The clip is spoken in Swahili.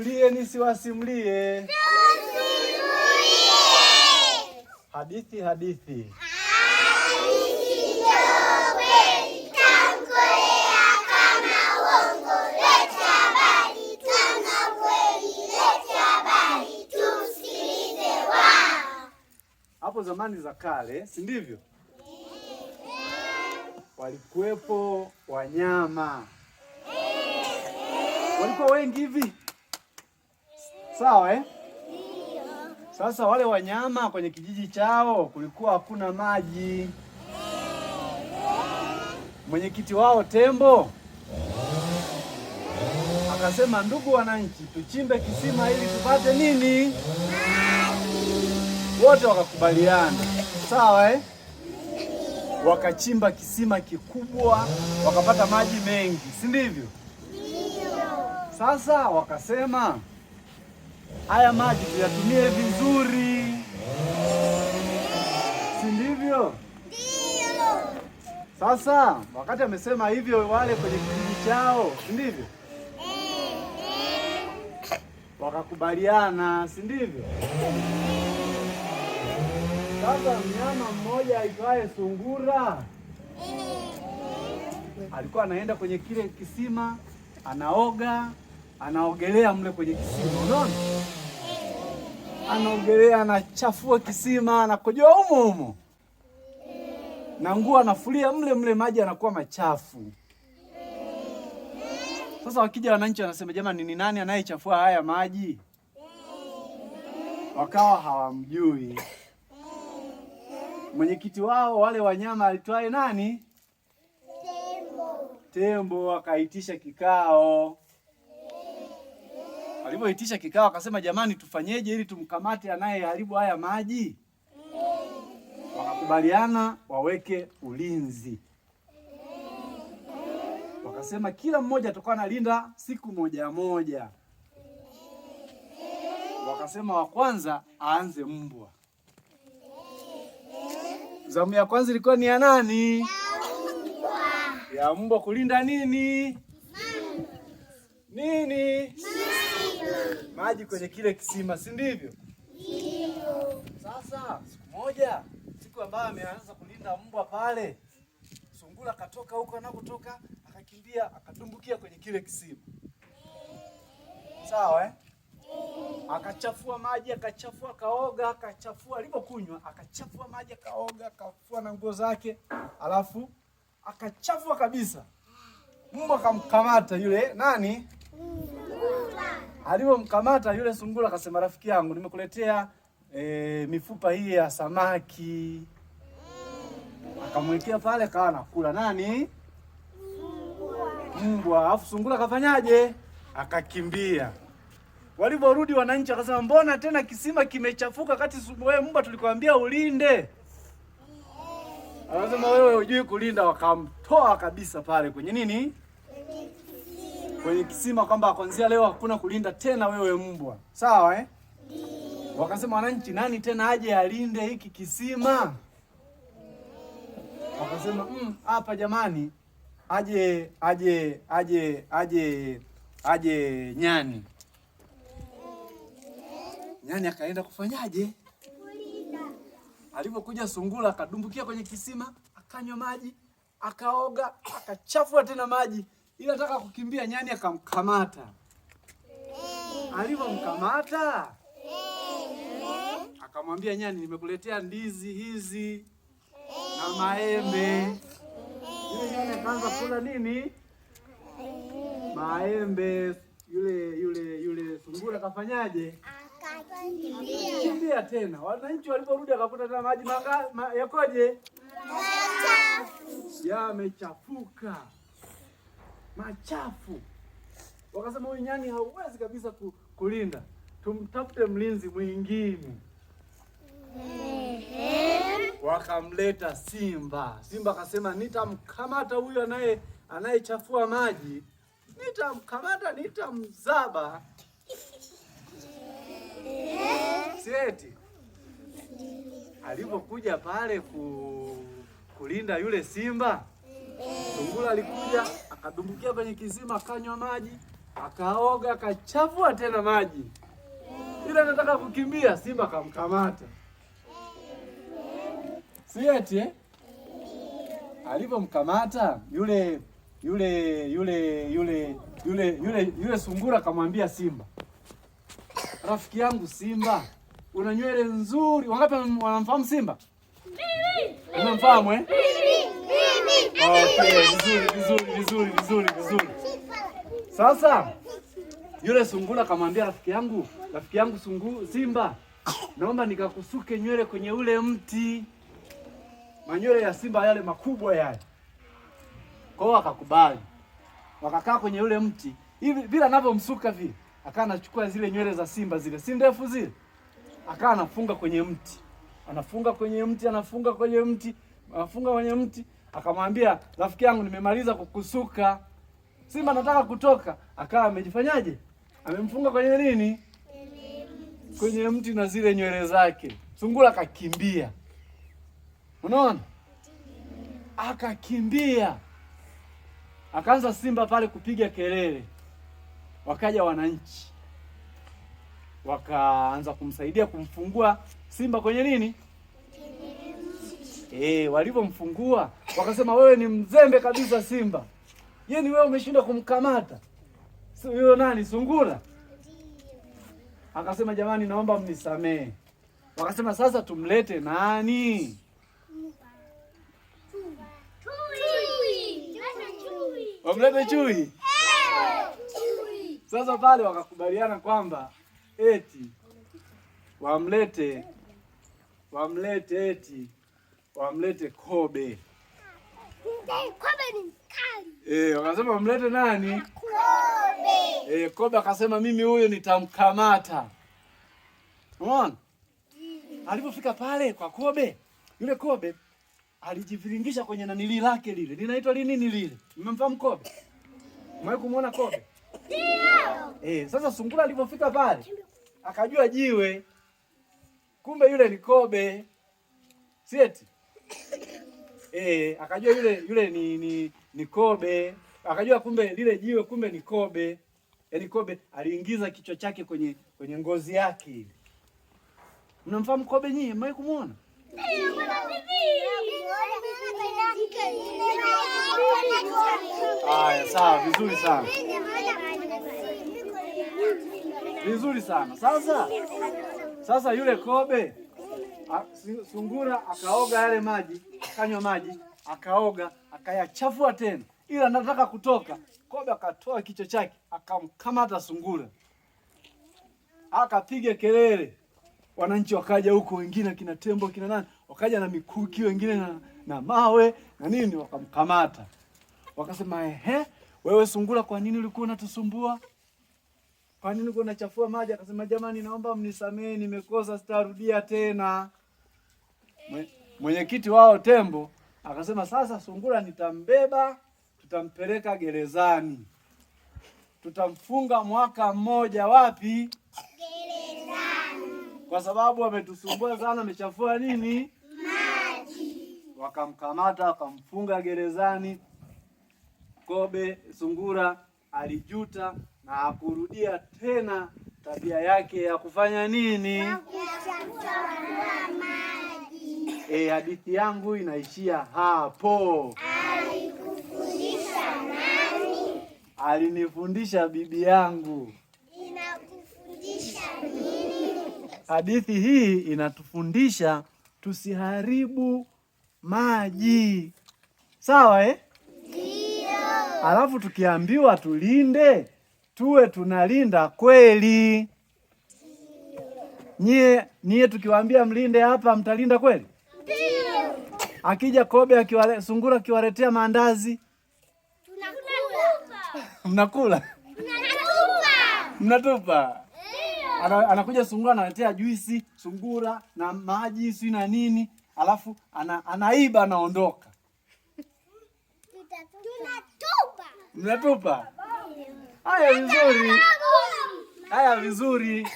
Simulie nisiwasimlie. Tusimlie. Hadithi hadithi. Hadithi Hapo zamani za kale, si ndivyo? Walikuwepo wanyama. Walikuwa wengi hivi sawa eh? Sasa wale wanyama kwenye kijiji chao kulikuwa hakuna maji. Mwenyekiti wao tembo akasema, ndugu wananchi, tuchimbe kisima ili tupate nini? Wote wakakubaliana, sawa eh? Wakachimba kisima kikubwa, wakapata maji mengi, si ndivyo? Sasa wakasema haya maji tuyatumie vizuri, si ndivyo? Sasa wakati amesema hivyo wale kwenye kijiji chao, si ndivyo? Eh, eh. Wakakubaliana, si ndivyo? Sasa mnyama mmoja aitwaye sungura eh, alikuwa anaenda kwenye kile kisima, anaoga, anaogelea mle kwenye kisima, unaona? anaogelea, anachafua kisima, anakojoa humo humo, na nguo anafulia mle mle, maji anakuwa machafu. Sasa wakija wananchi wanasema, jamani, ni nani anayechafua haya maji? Wakawa hawamjui mwenyekiti wao. Wale wanyama alitwaye nani? Tembo. Tembo wakaitisha kikao. Walivyoitisha kikao akasema jamani, tufanyeje ili tumkamate anayeharibu haya maji? Wakakubaliana waweke ulinzi, wakasema kila mmoja atakuwa analinda siku moja moja. Wakasema wa kwanza aanze mbwa. Zamu ya kwanza ilikuwa ni ya nani? Ya mbwa kulinda nini? nini? Maji, maji kwenye kile kisima, si ndivyo? Ndio. Sasa siku moja, siku ambayo ameanza kulinda mbwa pale, sungura katoka huko anakotoka, akakimbia akatumbukia kwenye kile kisima, sawa eh? Akachafua maji, akachafua, akaoga, akachafua alipokunywa, akachafua maji, akaoga, akafua na nguo zake, alafu akachafua kabisa. Mbwa akamkamata yule nani Alivyomkamata yule sungura akasema, rafiki yangu, nimekuletea e, mifupa hii ya samaki. Akamwekea pale, kawa anakula nani? Mbwa. Alafu sungura akafanyaje? Akakimbia. Waliporudi wananchi akasema, mbona tena kisima kimechafuka, kati wewe mbwa tulikwambia ulinde. Anasema wewe hujui kulinda, wakamtoa kabisa pale kwenye nini kwenye kisima kwamba kuanzia leo hakuna kulinda tena wewe mbwa, sawa eh? Wakasema wananchi, nani tena aje alinde hiki kisima? Wakasema mm, hapa, jamani, aje aje aje aje aje nyani. Nyani akaenda kufanyaje? Alipokuja sungura akadumbukia kwenye kisima, akanywa maji, akaoga, akachafua tena maji ila taka kukimbia, nyani akamkamata. Alivyomkamata akamwambia nyani, nimekuletea ndizi hizi na maembe. Yule nyani akaanza kula nini? Maembe. Yule yule yule sungura akafanyaje? Akakimbia tena. Wananchi waliporudi akakuta tena maji ma, yakoje? Yamechafuka machafu. Wakasema huyu nyani hauwezi kabisa kulinda, tumtafute mlinzi mwingine. Wakamleta simba. Simba akasema nitamkamata huyu anaye anayechafua maji, nitamkamata, nitamzaba. Sieti alipokuja pale ku, kulinda yule simba, sungura alikuja akadumbukia kwenye kisima, akanywa maji, akaoga, akachafua tena maji, ila anataka kukimbia, simba akamkamata. Si eti eh? Alipomkamata yule yule yule yule yule yule yule sungura akamwambia simba, rafiki yangu Simba, una nywele nzuri. Wangapi wanamfahamu Simba? Unamfahamu eh? Okay, vizuri vizuri vizuri vizuri vizuri. Sasa yule sungura akamwambia rafiki yangu, rafiki yangu sungu, simba, naomba nikakusuke nywele kwenye ule mti, manywele ya simba yale makubwa yale. Kwa hiyo akakubali, wakakaa kwenye ule mti hivi, bila anavyomsuka vile, akawa anachukua zile nywele za simba zile, si ndefu zile, akaa anafunga kwenye mti, anafunga kwenye mti, anafunga kwenye mti, anafunga kwenye mti akamwambia rafiki yangu, nimemaliza kukusuka, simba nataka kutoka. Akawa amejifanyaje? Amemfunga kwenye nini? Kwenye mti na zile nywele zake. Sungura akakimbia unaona, akakimbia akaanza simba pale kupiga kelele. Wakaja wananchi wakaanza kumsaidia kumfungua simba kwenye nini? E, walivyomfungua wakasema wewe ni mzembe kabisa Simba, yani wewe umeshindwa kumkamata yule nani sungura. Akasema jamani, naomba mnisamehe. Wakasema sasa tumlete nani? Wamlete chui. Sasa pale wakakubaliana kwamba eti wamlete wamlete eti wamlete kobe. Eh, wakasema mlete nani? Kobe. Eh, Kobe akasema mimi huyo nitamkamata. Unaona? Alipofika pale kwa Kobe, yule Kobe alijiviringisha kwenye nanili lake lile. Linaitwa lini lile? Mmemfahamu Kobe? Mwaiko kumuona Kobe? Eh, sasa sungura alipofika pale akajua jiwe. Kumbe yule ni Kobe. Sieti? eh, akajua yule yule ni, ni, ni kobe. Akajua kumbe lile jiwe kumbe ni kobe. Yaani kobe aliingiza kichwa chake kwenye kwenye ngozi yake ile. Mnamfahamu kobe nyinyi? Mmewahi kumuona? Haya, sawa, vizuri sana, vizuri sana. Sasa sasa yule kobe sungura akaoga yale maji akanywa maji, akaoga, akayachafua tena, ila anataka kutoka. Kobe akatoa kichwa chake, akamkamata sungura, akapiga kelele. Wananchi wakaja huko, wengine kina tembo kina nani, wakaja na mikuki, wengine na, na mawe na nini, wakamkamata wakasema, ehe, wewe sungura, kwa nini ulikuwa unatusumbua? Kwa nini ulikuwa unachafua maji? Akasema, jamani, naomba mnisamehe, nimekosa, sitarudia tena. Mwe, mwenyekiti wao Tembo akasema, sasa Sungura nitambeba, tutampeleka gerezani, tutamfunga mwaka mmoja. Wapi? Gerezani, kwa sababu ametusumbua sana, amechafua nini maji. Wakamkamata wakamfunga gerezani. Kobe Sungura alijuta na akurudia tena tabia yake ya kufanya nini? E, hadithi yangu inaishia hapo. Alikufundisha nani? Alinifundisha bibi yangu. Inakufundisha nini? Hadithi hii inatufundisha tusiharibu maji, sawa eh? Ndio. Alafu tukiambiwa tulinde, tuwe tunalinda kweli. Nyie nyie, tukiwaambia mlinde hapa, mtalinda kweli? akija Kobe akiwale, sungura akiwaletea maandazi mnakula mnatupa. Ana, anakuja sungura analetea juisi sungura na maji si na nini, alafu ana, anaiba anaondoka, mnatupa. Haya vizuri, haya vizuri.